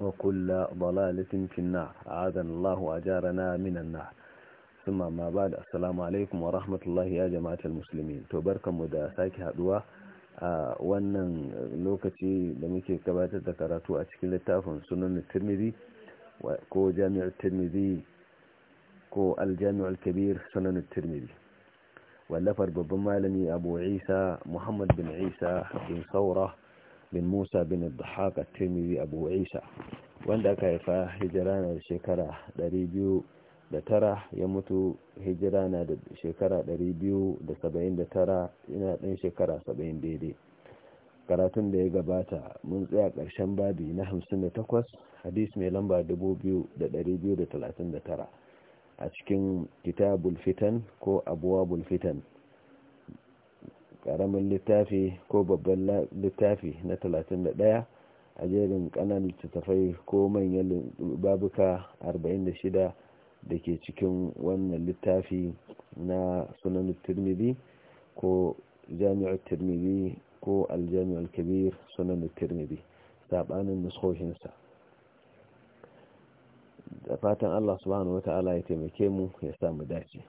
وكل ضلالة في النار أعاذنا الله وأجارنا من النار ثم ما بعد السلام عليكم ورحمة الله يا جماعة المسلمين تبارك مدى ساكي هدوى wannan lokaci da muke gabatar da karatu a cikin littafin sunan tirmidhi ko jami'ar tirmidhi ko aljami'ar kabir sunan tirmidhi wallafar babban malami abu isa muhammad bin isa bin saura bin musa bin dhahaka tirmidhi abu isa wanda aka haifa hijira na shekara 209 ya mutu hijira na da shekara 279 ina ɗan shekara 70 daidai karatun da ya gabata mun tsaya ƙarshen babi na 58 hadis mai lamba 2239 a cikin kitabul fitan ko abuwa bulfitan karamin littafi ko babban littafi na 31 a jerin kanan littattafai ko manyan babuka 46 da ke cikin wannan littafi na sunan turmidi ko jami'ar turmidi ko aljami'ar kabir sunan turmidi saɓanin nuskoshinsa da fatan allah subhanahu wa ta'ala ya taimake mu ya samu dace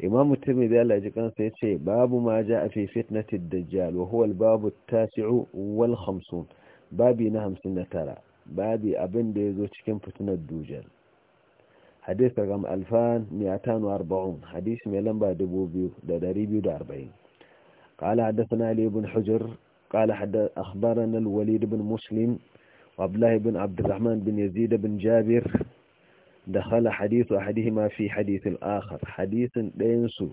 Imam Mutumi da Allah ji kansa ya ce babu maja a fi fitnatin da jalo, huwa babu ta ci'u wal hamsun, babi na hamsin na tara, babi abin da ya zo cikin fitinar dujar. Hadis ga gama alfan ne a hadis mai lamba dubu biyu da dari biyu da arba'in. Kala haddasa na Ali bin Hujar, kala haddasa akbaranar bin Musulun, Abdullahi bin Abdullahi bin Yazid bin Jabir, دخل حديث أحدهما في حديث الآخر حديث دينسو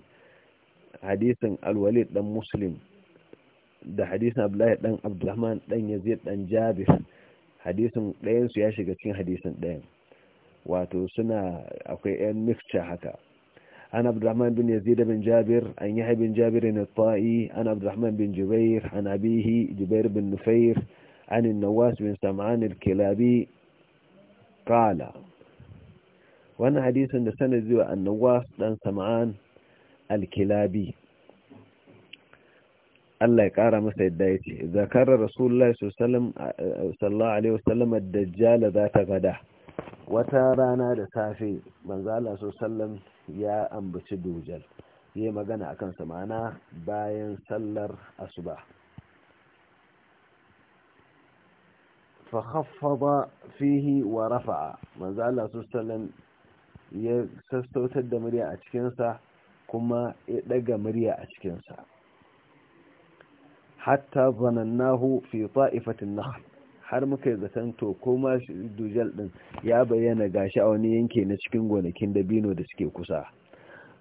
حديث الوليد دم مسلم da hadisin Abdullahi dan Abdulrahman dan Yazid dan Jabir hadisin ɗayan su ya shiga cikin hadisin ɗayan wato suna akwai ɗayan mixture haka an Abdulrahman bin Yazid bin Jabir an Yahya bin Jabir bin Ta'i an Abdulrahman bin Jubair an abihi Jubair bin Nufair an Nawas bin Sam'an al-Kilabi qala wannan hadisin da sanadi wa wasu dan sama'an al-kilabi Allah ya kara masa yadda ya ce zakarar rasulullah sallallahu alaihi wasallam ad-dajjal za ta gada wata rana da safe manzo Allah sallallahu ya ambaci dujal yayi magana akan kan ma'ana bayan sallar asuba fa khaffada fihi wa rafa'a manzo Allah sallallahu ya sassautar da murya a cikinsa kuma ya ɗaga murya a cikinsa hatta zanannahu fi ta'ifatin nahl har muka yi zaton to ko ma dujal din ya bayyana gashi a wani yanke na cikin gonakin dabino da suke kusa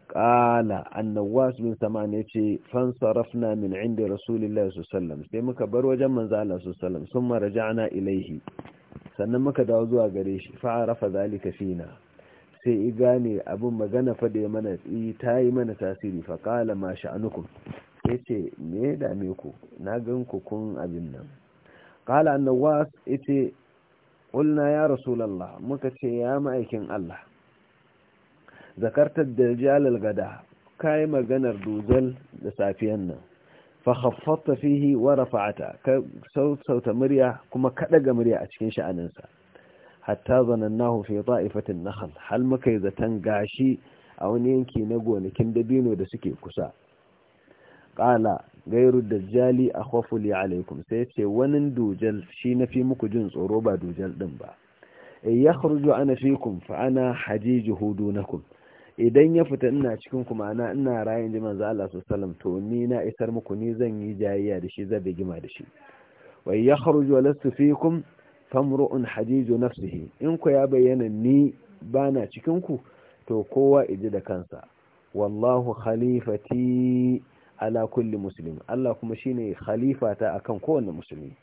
qala annawas bin saman yace fan sarafna min inda rasulillahi sallallahu alaihi sai muka bar wajen manzo Allah sallallahu alaihi wasallam ilaihi sannan muka dawo zuwa gare shi fa arafa zalika fina sai i gane abin magana faɗe mana ta yi mana tasiri faƙala ma sha'anukum ya ce me dame ku na gan ku kun abin nan kala annawas ya ce ƙulna ya rasulallah muka ce ya ma'aikin allah zakartar da jalal gada ka yi maganar dozal da safiyan nan fahaffata fihi wa rafa'ata ka sauta murya kuma kaɗaga murya a cikin sha'aninsa hatta zanannahu fi ta'ifatin nakhal hal muka yi zaton gashi a wani yanki na gonakin dabino da suke kusa qala gairu dajjali akhafu li alaikum sai ce wani dujal shi nafi muku jin tsoro ba dujal din ba yakhruju ana fikum fa ana hajijuhu dunakum idan ya fita ina cikin ku ma'ana ina rayin ji manzo Allah sallallahu to ni na isar muku ni zan yi jayayya da shi zan bigima da shi wa yakhruju lastu fikum famru'un hadizu nafsihi in ku ya bayyana ni bana cikin ku to kowa iji da kansa wallahu khalifati ala kulli muslim Allah kuma shine khalifata akan kowanne musulmi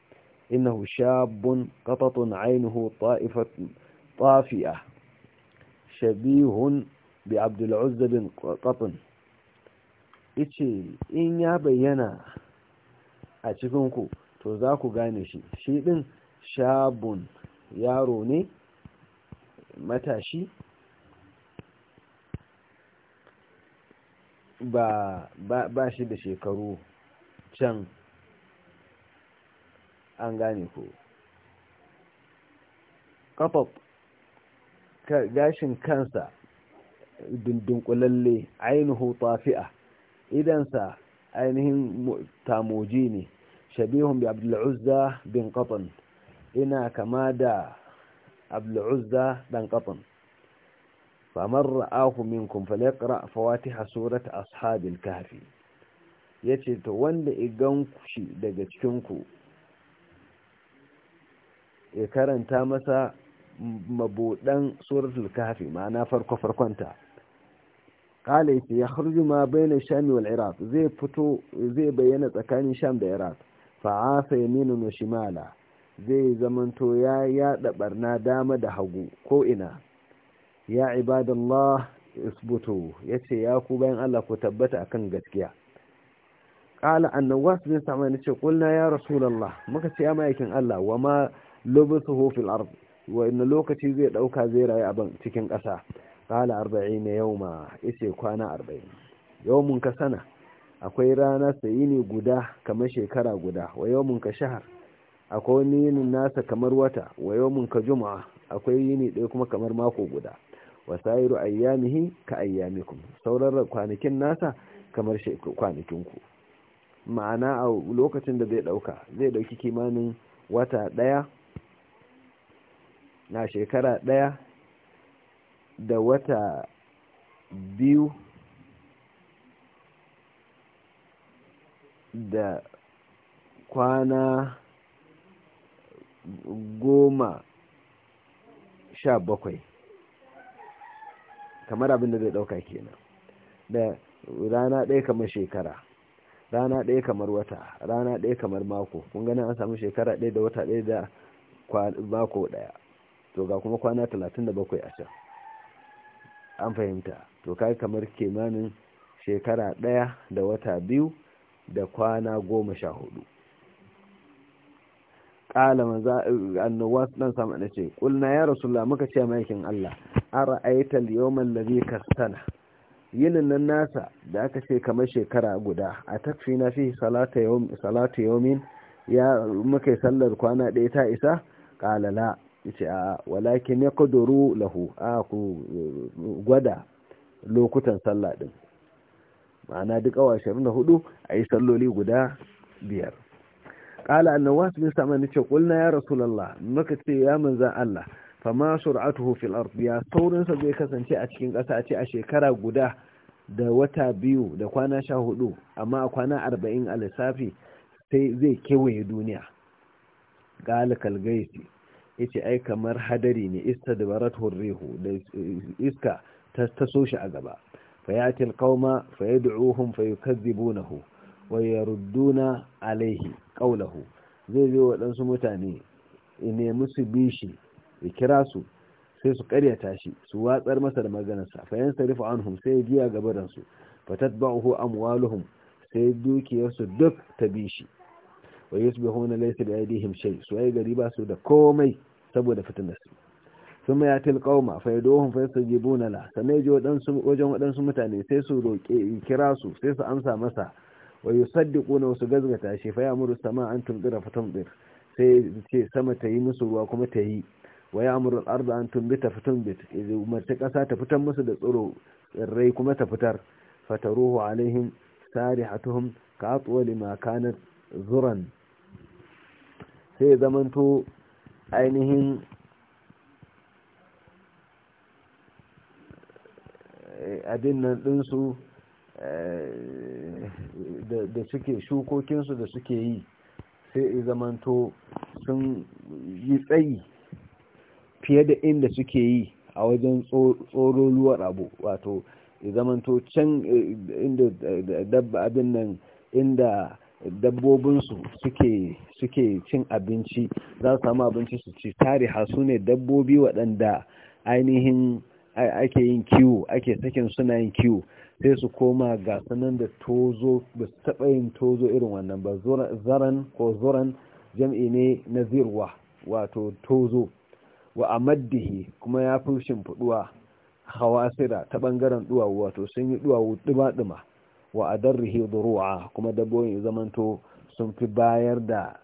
innahu shabun qatatun aynuhu ta'ifatun tafi'ah shabihun bi abdul'uzza bin qatun ichi in ya bayyana a cikin ku to za ku gane shi shi din shabun yaro ne matashi ba, ba, shi da shekaru can an gane ko kafaf gashin kansa dundunkulalle ainihu tafi'a idansa ainihin tamoji ne shabihun bi abdul'uzza bin qatan ina kama da abul'uzza dan kafin famar ra'ahu minkum falyaqra fawatiha surat ashabil kahfi yace to wanda igan shi daga cikin ku ya karanta masa mabudan suratul kahfi ma'ana farko farkonta kala yace ya kharju ma bayna sham wal iraq zai fito zai bayyana tsakanin sham da iraq fa asa yaminu wa shimala zai zamanto ya yada barna dama da hagu ko ina ya ibadallah isbutu yace ya ku bayan Allah ku tabbata akan gaskiya ƙala annawas bin samani ce kulna ya rasulallah muka ce ya ma'aikin Allah wa ma lubsuhu fil ard wa inna lokaci zai ɗauka zai rayu a cikin ƙasa Ƙala! Arba'in yawma yace kwana arba'in. yawmun ka sana akwai rana sayini guda kamar shekara guda wa yawmun ka shahar akwai wani yinin nasa kamar wata wa yawmin ka juma'a akwai yini ɗaya kuma kamar mako guda wa sa'iru ayyamihi ka ayyamikum sauran kwanakin nasa kamar kwanakin ku ma'ana a lokacin da zai dauka zai dauki kimanin wata daya na shekara daya da wata biyu da kwana goma sha bakwai kamar abin da zai ɗauka kenan da rana ɗaya kamar shekara rana ɗaya kamar wata rana ɗaya kamar mako kun gani an samu shekara ɗaya da wata ɗaya da mako ɗaya to ga kuma kwana talatin da bakwai a can an fahimta to kai kamar kimanin shekara ɗaya da wata biyu da kwana goma sha hudu ƙala maza annawas dan sama da ce kulna ya rasulullah muka ce maikin Allah ara aital yawman ladhi kastana yinin nan nasa da aka ce kamar shekara guda a takfi na fi salatu yawmin ya muka sallar kwana daya ta isa kala la yace a walakin ya lahu a ku gwada lokutan sallah din ma'ana duk awa 24 a salloli guda biyar qala annawas bin samani ce qulna ya rasulullah muka ce ya manzan Allah fama sur'atuhu fil ya saurin zai kasance a cikin ƙasa a ce a shekara guda da wata biyu da kwana sha hudu amma a kwana arba'in a lissafi sai zai kewaye duniya qala kalgaisi yace ai kamar hadari ne istadbarat hurrihu da iska ta taso a gaba fayatil qauma fayad'uhum fayukazzibunahu wa alaihi ƙaulahu zai zo waɗansu mutane ne musu bishi ya kira su sai su karyata shi su watsar masa da maganarsa fa yan sarifu anhum sai giya gabaran su fa tatba'uhu amwaluhum sai dukiyarsu duk ta bishi wa yusbihuna laysa bi aydihim shay su ay gari ba su da komai saboda su sun ya til fa yaduhum fa yastajibuna la sanai ji wajen waɗansu mutane sai su roke kira su sai su amsa masa wa yusaddiquna wasu gazgata shi fa ya ya'muru sama an tumdira fa tumdir sai ce sama ta yi musu ruwa kuma ta yi wa ya'muru al-arda an tumbita fa tumbit umarci kasa ta fitar musu da tsiro tsirrai kuma ta fitar fataruhu alaihim sarihatuhum ka atwa lima kanat zuran sai zamanto ainihin eh, abin nan eh, da suke shukokinsu da suke yi sai zamanto sun yi tsayi fiye da inda suke yi a wajen tsoro ruwar abu wato zamanto can eh, inda eh, dabba abin nan inda dabbobinsu suke suke cin abinci za su samu abinci su ci tare hasu ne dabbobi waɗanda ainihin ake yin kiwo ake sakin suna yin kiwo sai su koma ga sanan da tozo ba su taɓa yin tozo irin wannan ba zaran ko zoran jam'i ne na zirwa wato tozo wa a maddihi kuma ya fi shimfiɗuwa sira ta bangaren duwawu wato sun yi duwawu duma-duma wa a darrihi duruwa kuma dabbobin zamanto sun fi bayar da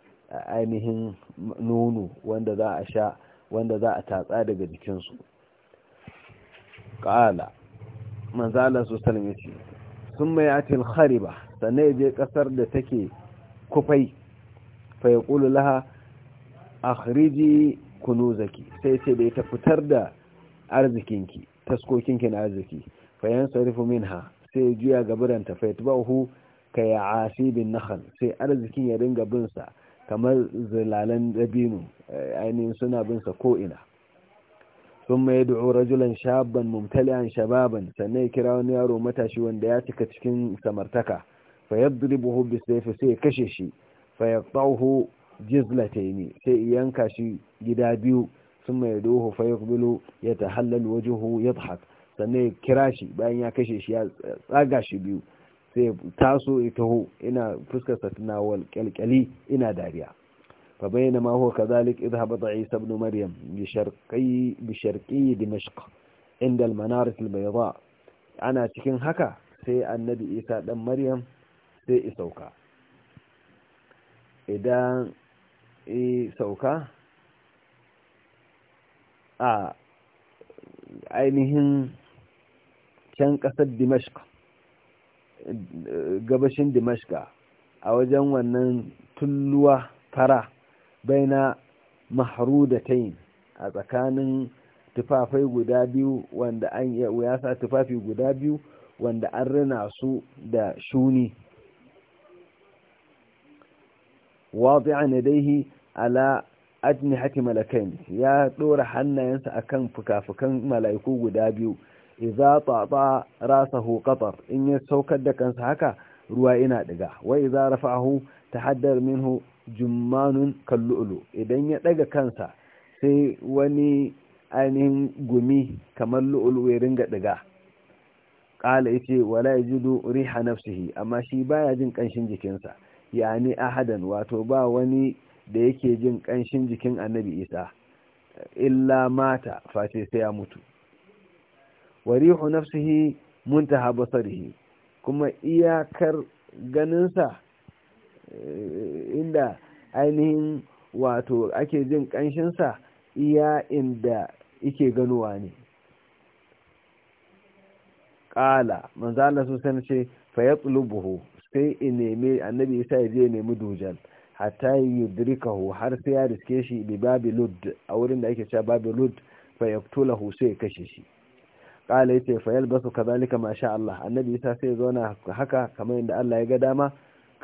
ainihin nono wanda za a sha wanda za a tatsa daga jikinsu ƙala manzala su salmi ce sun mai atil khariba sannan ya je kasar da take kufai fa ya ƙulu laha a kunu kunuzaki sai ce da ya fitar da arzikinki taskokinki na arziki fayan sarifu ha sai ya juya gabiranta fa ya uhu ka ya asibin nahal sai arzikin ya ringa binsa kamar zilalan dabino eh, ainihin suna binsa ko'ina ثم يدعو رجلا شابا ممتلئا شبابا sannan ya kira wani yaro matashi wanda ya cika cikin samartaka fa yadribuhu bi sai kashe shi fa yaqtahu jizlataini sai yanka shi gida biyu thumma yaduhu fa yuqbilu yatahallal wajhuhu yadhhak sannan ya kira shi bayan ya kashe shi ya tsaga shi biyu sai taso ya taho ina fuskar sa tana ina dariya فبينما هو كذلك إذ هبط عيسى بن مريم بشرقي, بشرقي دمشق عند المنارة البيضاء أنا تكن هكا سي النبي إيسى بن مريم سي إسوكا إذا إسوكا آه ainihin can ƙasar dimashka gabashin dimashka a wajen wannan tulluwa fara baina mahrudatain a tsakanin tufafai guda biyu wanda an ya sa tufafi guda biyu wanda an rina su da shuni wadi'a nadaihi ala hakim malakain ya dora hannayensa akan fukafukan malaiku guda biyu idza rasa hu qatar in ya saukar da kansa haka ruwa ina diga wa idza rafa'ahu tahaddar minhu jummanun kallu'ulu idan ya daga kansa sai wani ainihin gumi kamar lu'ulu ya ringa diga ƙala yace wala yajidu riha nafsihi amma shi baya jin ƙanshin jikinsa yani ahadan wato ba wani da yake jin ƙanshin jikin annabi isa illa mata face sai ya mutu wa rihu nafsihi muntaha basarihi kuma iyakar ganinsa inda ainihin wato ake jin ƙanshinsa iya inda ike ganuwa ne ƙala manzala su sani ce fa sai in nemi annabi isa ya je nemi dujal hatta yudrikahu har sai ya riske shi bi babilud a wurin da ake cewa babilud lud fa sai ya kashe shi ƙala ya ce fayal basu ka zalika masha Allah annabi isa sai ya zauna haka kamar yadda Allah ya ga dama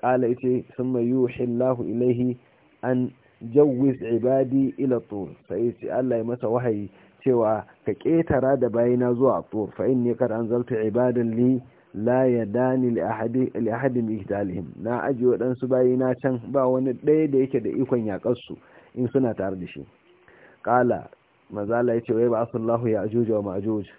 qala yace summa yuhillahu ilaihi an jawwiz ibadi ila sai Allah ya masa wahayi cewa ka ketara da bayina zuwa tur fa inni qad anzaltu ibadan li la yadani li ahadi na aji waɗansu bayina can ba wani ɗaya da yake da ikon yaƙarsu in suna tare da shi qala mazala yace wai ba asallahu ya ajuja wa ajuja.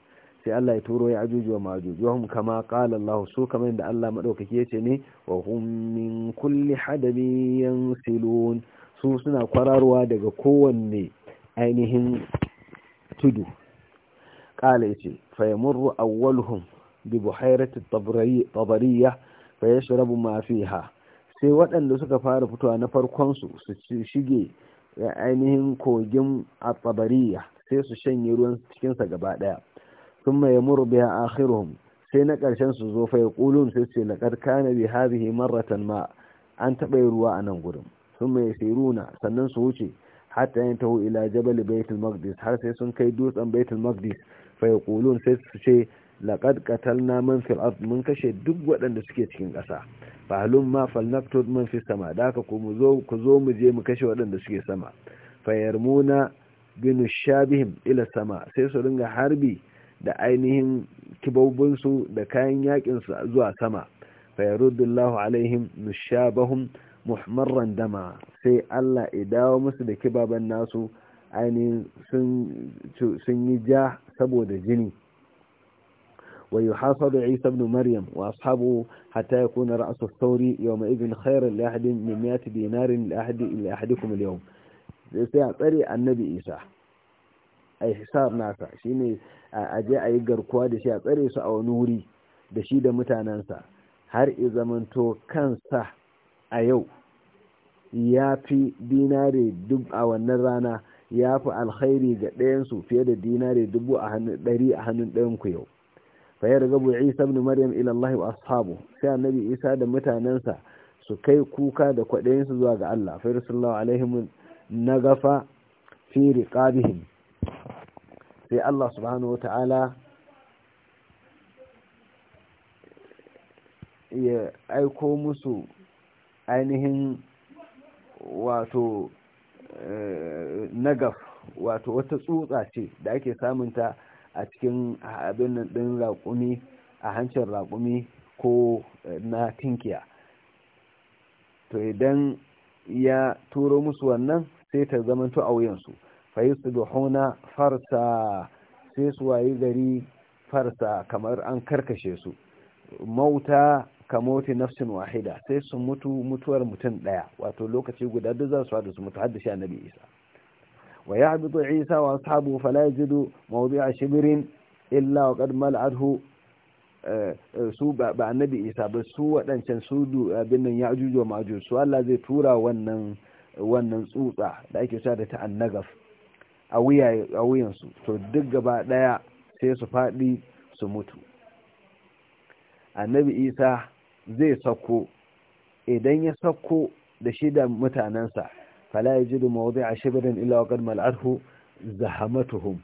sai Allah ya turo ya ajuju wa majuju kama qala Allah su kamar da Allah madaukake yace ne wa hum min kulli hadabin yansilun su suna kwararwa daga kowanne ainihin tudu qala yace yamurru awwaluhum bi buhairati fa yashrabu ma fiha sai waɗanda suka fara fitowa na farkon su su shige ainihin kogin a tabariya sai su shanye ruwan cikinsa gaba daya. thumma yamuru biha akhiruhum sai na karshen su zo fa yaqulun sai ce laqad kana bi hadhihi marratan ma an taba yi ruwa a nan gurin thumma yasiruna sannan su wuce hatta yantahu ila jabal baitul maqdis har sai sun kai dutsen baitul maqdis fa sai su ce laqad qatalna man fil ard mun kashe duk waɗanda suke cikin ƙasa falun halum ma falnaqtud man fis sama da haka ku zo ku mu je mu kashe waɗanda suke sama fa yarmuna binu shabihim ila sama sai su ringa harbi da ainihin kibabinsu da kayan yaƙinsu zuwa sama fa rudullahu alaihim mushabahum muhmarran dama sai Allah ya dawo musu da kibaban nasu ainihin sun yi ja saboda jini wa yuhasadu Isa ibn Maryam wa ashabu hatta yakuna ra'su thawri yawma idhin khayran li ahadin min 100 dinarin li ahadi illa ahadikum al-yawm sai a tsare annabi Isa a hisar nasa shine a je a yi garkuwa da shi a tsare su a wani wuri da shi da mutanensa har i zamanto kansa a yau ya fi dinare duk a wannan rana ya fi alkhairi ga ɗayansu fiye da dinare dubu a hannun ɗari a hannun ɗayanku yau fayar gabu isa ibn maryam ila Allah wa ashabu sai annabi isa da mutanensa su kai kuka da kwaɗayinsu zuwa ga Allah fayar sallallahu alaihi na gafa fi riqabihim sai Allah subhanahu wa ta'ala ya aiko musu ainihin wato eh, nagaf wato wata tsutsa ce da ake samunta a cikin abin ɗin raƙumi a hancin raƙumi ko na tinkiya to idan ya turo musu wannan sai ta zamanto a wuyansu fayusbihuna farsa sai su wayi gari farsa kamar an karkashe su mauta ka mauti nafsin wahida sai su mutu mutuwar mutum daya wato lokaci guda duk za su hadu su mutu haddashi annabi isa wa ya'budu isa wa ashabu fala yajidu mawdi'a shibrin illa wa qad mal'adhu eh, su ba annabi isa ba su wadancan su abin nan ya'juj wa su Allah zai tura wannan wannan tsutsa da ake cewa da ta annagaf a wuyansu to duk gaba ɗaya sai su faɗi su mutu annabi isa zai sako idan ya sako da shi da mutanensa fala ya ji da a shibirin ilawakar mal'arhu zahamatuhum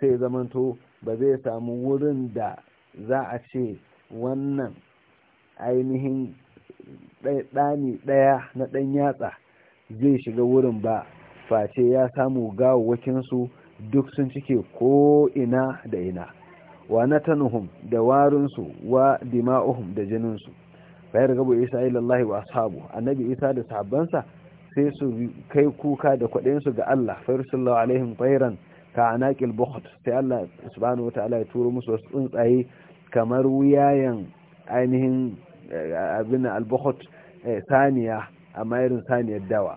sai zamanto ba zai samu wurin da za a ce wannan ainihin ɗani ɗaya na ɗan yatsa zai shiga wurin ba face ya samu su duk sun cike ko ina da ina wa tanuhum da warinsu wa dima'uhum da jininsu bayar gabo isa ilallahi wa ashabu annabi isa da sahabbansa sai su kai kuka da kwaɗinsu ga Allah fayarsallahu alaihim tairan ka anaqil sai Allah subhanahu ta'ala ya turo musu wasu tsuntsaye kamar wuyayen ainihin eh, abin al eh, saniya amma irin saniyar dawa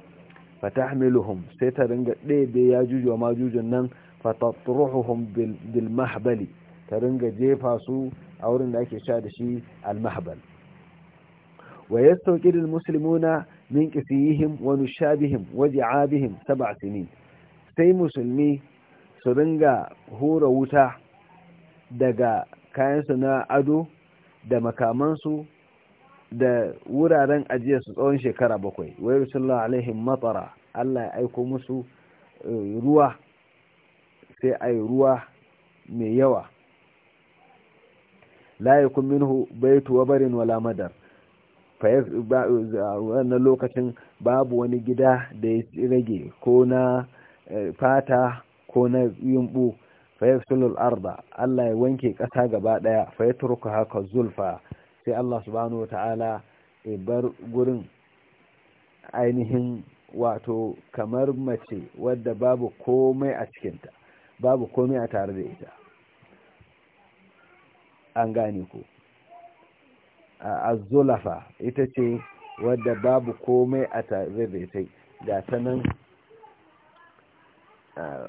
fatahmiluhum sai ta ringa ɗebe ya juju wa majujun nan fatatruhuhum bil mahbali ta ringa jefa su a wurin da ake sha da shi al mahbal wa yastawqidu al muslimuna min qisihim wa nushabihim wa ji'abihim sab'a sinin sai musulmi su ringa hura wuta daga kayansu na ado da makamansu da wuraren ajiyar su tsawon shekara bakwai wai yursallahu alaihim matsara Allah ya aiko musu eh, ruwa sai yi ruwa mai yawa la yakun minhu tuwa barin wala madar wannan lokacin babu wani gida da ya rage ko na eh, fata ko na yumbu fa sulul arda Allah ya wanke kasa gaba daya fa turku haka zulfa sai Allah subhanahu wa ta'ala ya bar gurin ainihin wato kamar mace wadda babu komai a cikinta babu komai a tare da ita an gane ku azulafa ita ce wadda babu komai a tare da ita ga ta nan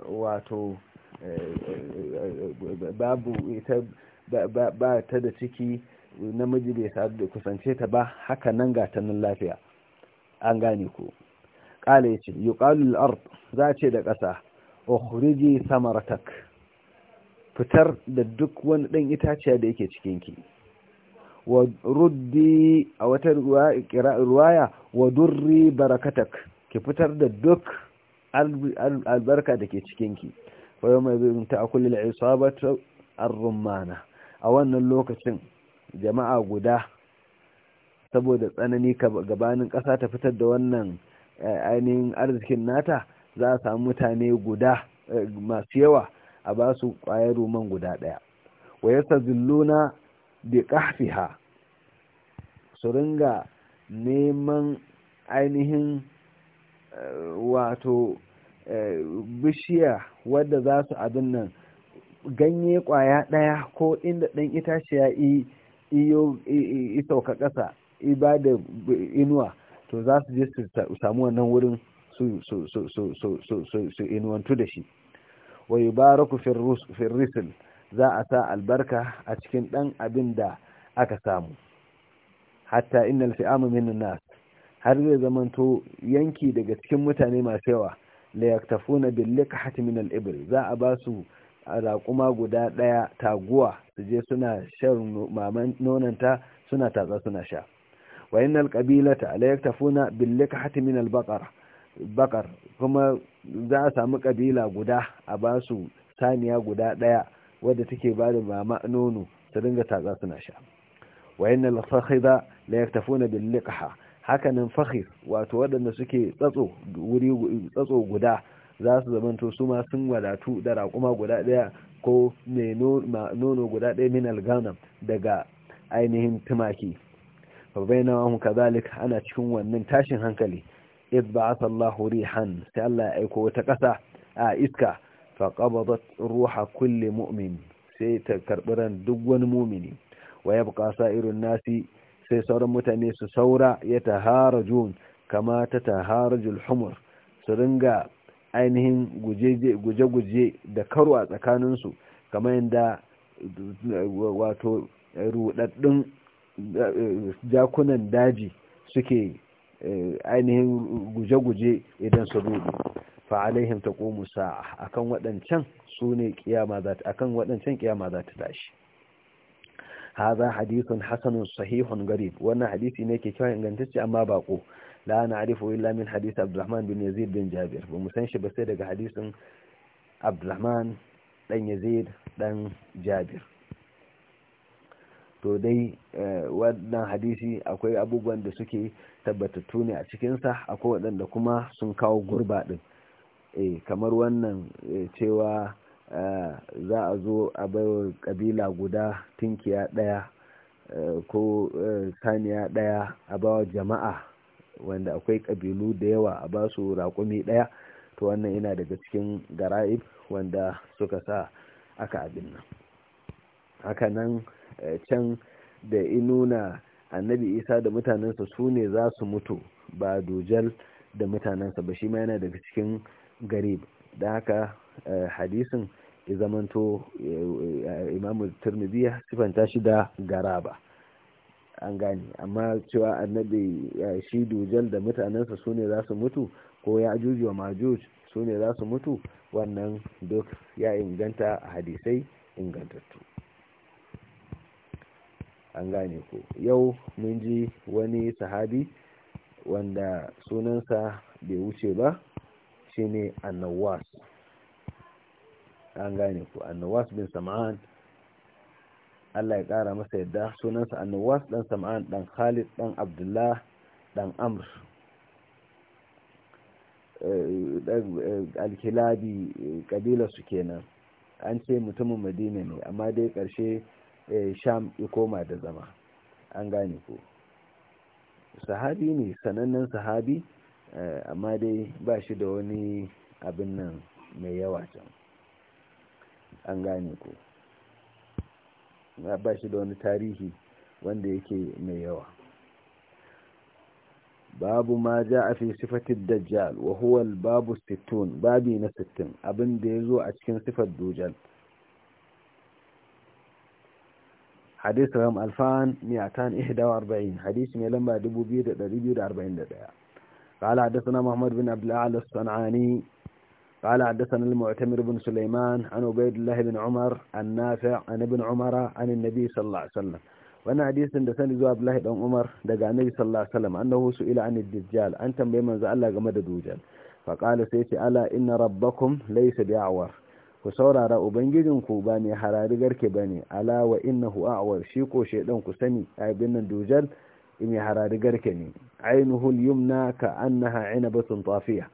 wato eh, eh, eh, babu ita ba ta da ciki namiji bai sa da kusance ta ba haka nan ga ta nan lafiya an gane ku ƙala ya ce yuqalul ard za ce da ƙasa ukhriji samaratak fitar da duk wani ɗan itaciya da yake cikinki wa ruddi a wata ruwaya wa durri barakatak ki fitar da duk albarka da ke cikinki ki. yau mai zai ta akulil isabatu ar-rumana a wannan lokacin jama'a guda saboda tsanani gabanin ƙasa ta fitar da wannan eh, ainihin arzikin nata za a samu mutane guda eh, masu yawa a ba su ƙwayar roman guda ɗaya wa yasa da bi ƙafiha su ringa neman ainihin eh, wato bishiya wadda za su abin nan ganye ƙwaya ɗaya ko inda ɗan itaciya yi iyo sauka ƙasa i ba da inuwa to za su je su samu wannan wurin su inuwantu da shi wa yubaraku firrisil za a sa albarka a cikin ɗan abin da aka samu hatta innal fi'amu min nas har zai zamanto yanki daga cikin mutane masu yawa la yaktafuna bil liqhati min al ibr za a ba su a raƙuma guda ɗaya taguwa su je suna shan maman nonanta suna tatsa suna sha wa innal qabilata ta yaktafuna bil likhati min al kuma za a samu kabila guda a ba su saniya guda ɗaya wadda take ba da mama nono su dinga tatsa suna sha wa yana lafakhida la yaktafuna bil ha hakanan fahir wato waɗanda suke tsatso guda za su zamanto su ma sun wadatu da raƙuma guda ɗaya ko mai nono guda ɗaya min alganam daga ainihin tumaki na ka zalika ana cikin wannan tashin hankali ba ba'atha Allahu rihan sai Allah ya aiko wata ƙasa a iska fa qabadat ruha kulle mu'min sai ta karbi ran duk wani mu'mini wa ya buƙasa irin nasi sai sauran mutane su saura ya taharajun kama ta taharajul humur su ringa ainihin guje-guje da karo a tsakaninsu kamar yadda wato rudaddun jakunan daji suke eh, ainihin guje-guje idan su rudu fa'alaihim ta komu sa'a akan waɗancan su ne akan waɗancan kiyama za ta tashi haza hadisun hasanun sahihun garib wannan hadisi ne ke kyau ingantacce amma bako la na'rifu illa min hadith Abdurrahman bin Yazid bin Jabir ba mu san shi ba sai daga hadisin Abdurrahman dan Yazid Jabir to dai eh, wannan hadisi akwai abubuwan da suke tabbatattu ne a cikinsa akwai waɗanda kuma sun kawo gurba ɗin eh, kamar wannan eh, cewa za a zo a baiwa ƙabila guda tinkiya ɗaya ko saniya ɗaya a bawa jama'a wanda akwai kabilu da yawa a ba su raƙumi ɗaya to wannan yana daga cikin gara'ib wanda suka sa aka abin nan haka nan eh, can da inuna annabi isa da mutanensa su ne za su mutu ba dujal da mutanensa ba shi ma yana daga cikin garib da haka eh, hadisin ya zamanto eh, imamu turmizi ya sifanta shi da garaba an gane amma cewa annabi shi dujal da mutanensa su ne za su mutu ko ya ajuji wa majuj su ne za su mutu wannan duk ya inganta a hadisai ingantattu an gane ku. yau mun ji wani sahabi wanda sunansa bai wuce ba shine annawas an gane ku annawas bin sama'an Allah ya ƙara masa yadda sunansa annawas ɗan sama'an ɗan khalid ɗan abdullah ɗan amr eh, eh, alkilabi ƙabilar su kenan an ce mutumin madina ne amma dai ƙarshe eh, sham ya koma da zama an gane ko sahabi ne sanannen sahabi amma dai ba shi da wani abin nan mai yawa can an gane ku ba shi da wani tarihi wanda yake mai yawa babu ma ja a fi sifatin dajjal wa huwal babu sittun babi na sittin abin da ya zo a cikin sifar dujal hadis ram alfan 241 hadis mai lamba 2241 قال حدثنا محمد بن عبد الأعلى الصنعاني قال حدثنا المعتمر بن سليمان عن عبيد bin umar عمر النافع عن ابن عمر عن النبي صلى الله عليه وسلم wani hadisin da sani zuwa Abdullahi dan Umar daga Annabi sallallahu alaihi wasallam annahu su'ila anid dajjal an tambayi manza Allah game da dujjal fa qala sai ce ala inna rabbakum laysa bi'awar ku saurara ku ba ne harari garke bane ala wa innahu a'war shi ko shedan ku sani aibin dujal dujjal in harari garke ne ainuhu al-yumna ka annaha inabatun tafiya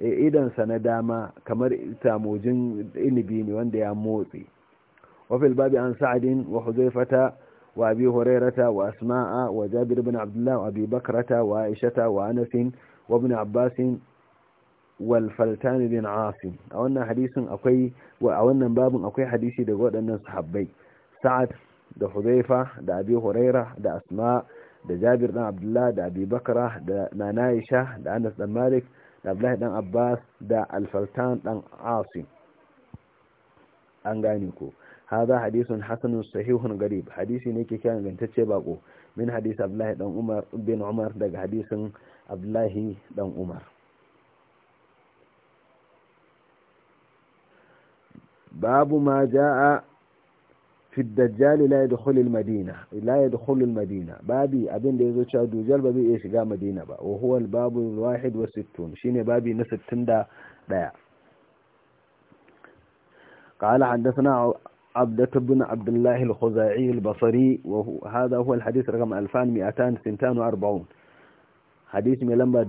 E, idansa na dama kamar tamojin inibi ne wanda ya motsi wafil babi an sa'adin wa huzaifata wa abi hurairata wa asma'a wa jabir ibn abdullah wa abi bakrata wa aishata wa anas wa ibn abbas wal faltan bin asim a wannan hadisin akwai a wannan babin akwai hadisi daga waɗannan sahabbai sa'ad da huzaifa da abi huraira da asma da jabir dan abdullah da abi bakra da nana aisha da anas da malik da abdullahi dan abbas da alfartan dan asim an gane ko هذا hadithun hasanun sahihun غريب hadisi ne ke kike gantacce bako min hadisi Abdullahi dan Umar bin Umar daga hadisin Abdullahi dan Umar babu ma jaa fi dajjali la yadkhulul madina la yadkhulul madina babi abin da yazo cewa dujal ba zai iya shiga madina ba wa huwa al-babu al-wahid wa shine babi na 61 قال حدثنا عبدة بن عبد الله الخزاعي البصري وهذا هو الحديث رقم 2242 حديث من لمبا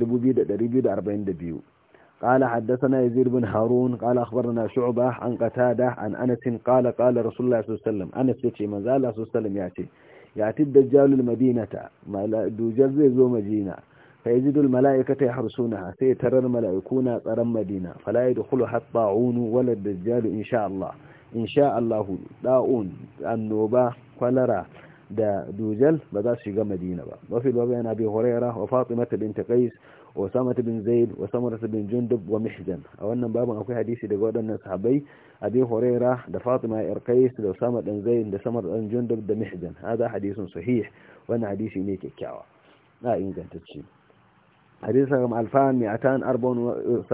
قال حدثنا يزيد بن هارون قال أخبرنا شعبة عن قتادة عن أنس قال قال رسول الله صلى الله عليه وسلم أنس يتي من ذا الله صلى الله عليه وسلم يأتي يأتي الدجال المدينة دوجر زي زو مدينة فيجد الملائكة يحرسونها سيترى الملائكون ترى مدينة فلا يدخل حتى عون ولا الدجال إن شاء الله إن شاء الله داؤون النوبة فلرى دا دوجل بدا شيغا مدينة وفي الوضع عن أبي هريرة وفاطمة بنت قيس Usama bin Zaid wa Samurah bin Jundub wa Mihjan a wannan babin akwai hadisi daga waɗannan sahabai Abi Huraira da Fatima yar Qais da Usama dan Zaid da Samurah dan Jundub da Mihjan hada hadisin sahih wannan hadisi ne kyakkyawa na ingantacce hadisi kam alfan 243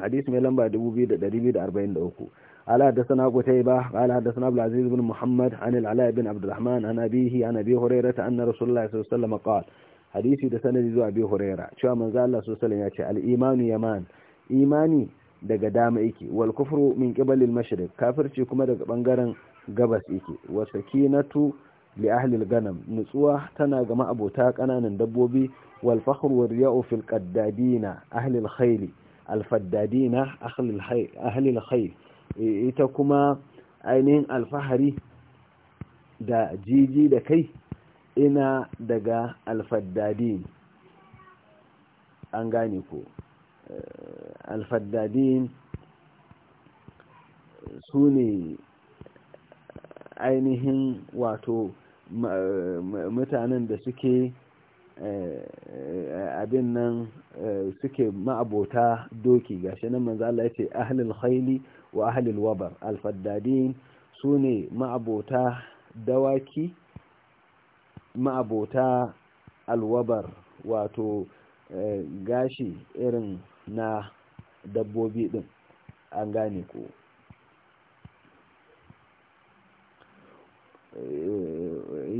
hadisi mai lamba 2243 قال حدثنا قتيبة قال حدثنا عبد العزيز بن محمد عن العلاء بن عبد الرحمن عن أبيه عن أبي هريرة أن رسول الله صلى الله عليه وسلم قال hadisi da sanadi zuwa bi huraira cewa manzo Allah sallallahu alaihi ya ce al-imanu yaman imani daga dama yake wal kufru min al mashriq kafirci kuma daga bangaren gabas yake wa sakinatu li ahli al-ganam nutsuwa tana ga ma'abota kananan dabbobi wal fakhru war riya'u fil qaddadina ahli al-khayl al-faddadina ahli al-khayl e, ita kuma ainihin alfahari da jiji da kai ina daga alfaddadin an gane ko eh, alfaddadin su ne ainihin wato mutanen da suke eh, abin nan eh, suke ma'abota doki gashi nan manzo Allah yace ahlul khayli wa ahlul wabar alfaddadin su ne ma'abota dawaki ma'abota alwabar wato eh, gashi irin na dabbobi din an gane ko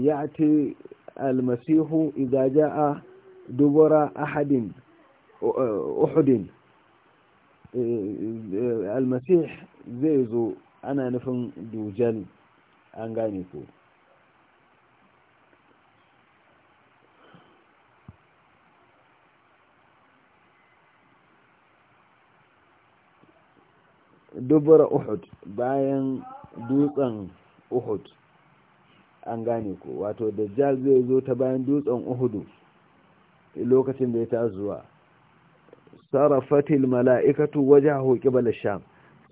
ya ce almasihu ja jaa dubura ahadin eh, uhudin eh, almasih zai zo ana nufin dujal an gane ko dubura uhud bayan dutsen uhud an gane ko wato dajjal zai zo ta bayan dutsen uhudu lokacin da ya ta zuwa sarafatil mala'ikatu wajahu qibala sham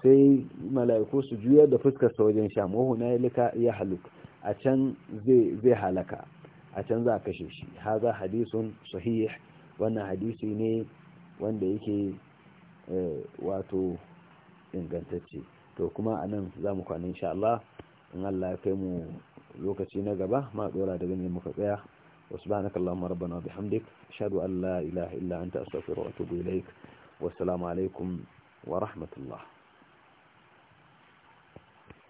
sai mala'iku su juyar da fuskar sa wajen sham wa hunalika ya haluk a can zai zai halaka a can za a kashe shi haza hadisun sahih wannan hadisi ne wanda yake eh, wato ingantacce to kuma a nan za mu kwana insha Allah in Allah ya kai mu lokaci na gaba ma dora da ganin muka tsaya wa subhanaka allahumma rabbana bihamdik ashhadu an la ilaha illa anta astaghfiruka wa atubu ilaik wa assalamu alaikum wa rahmatullah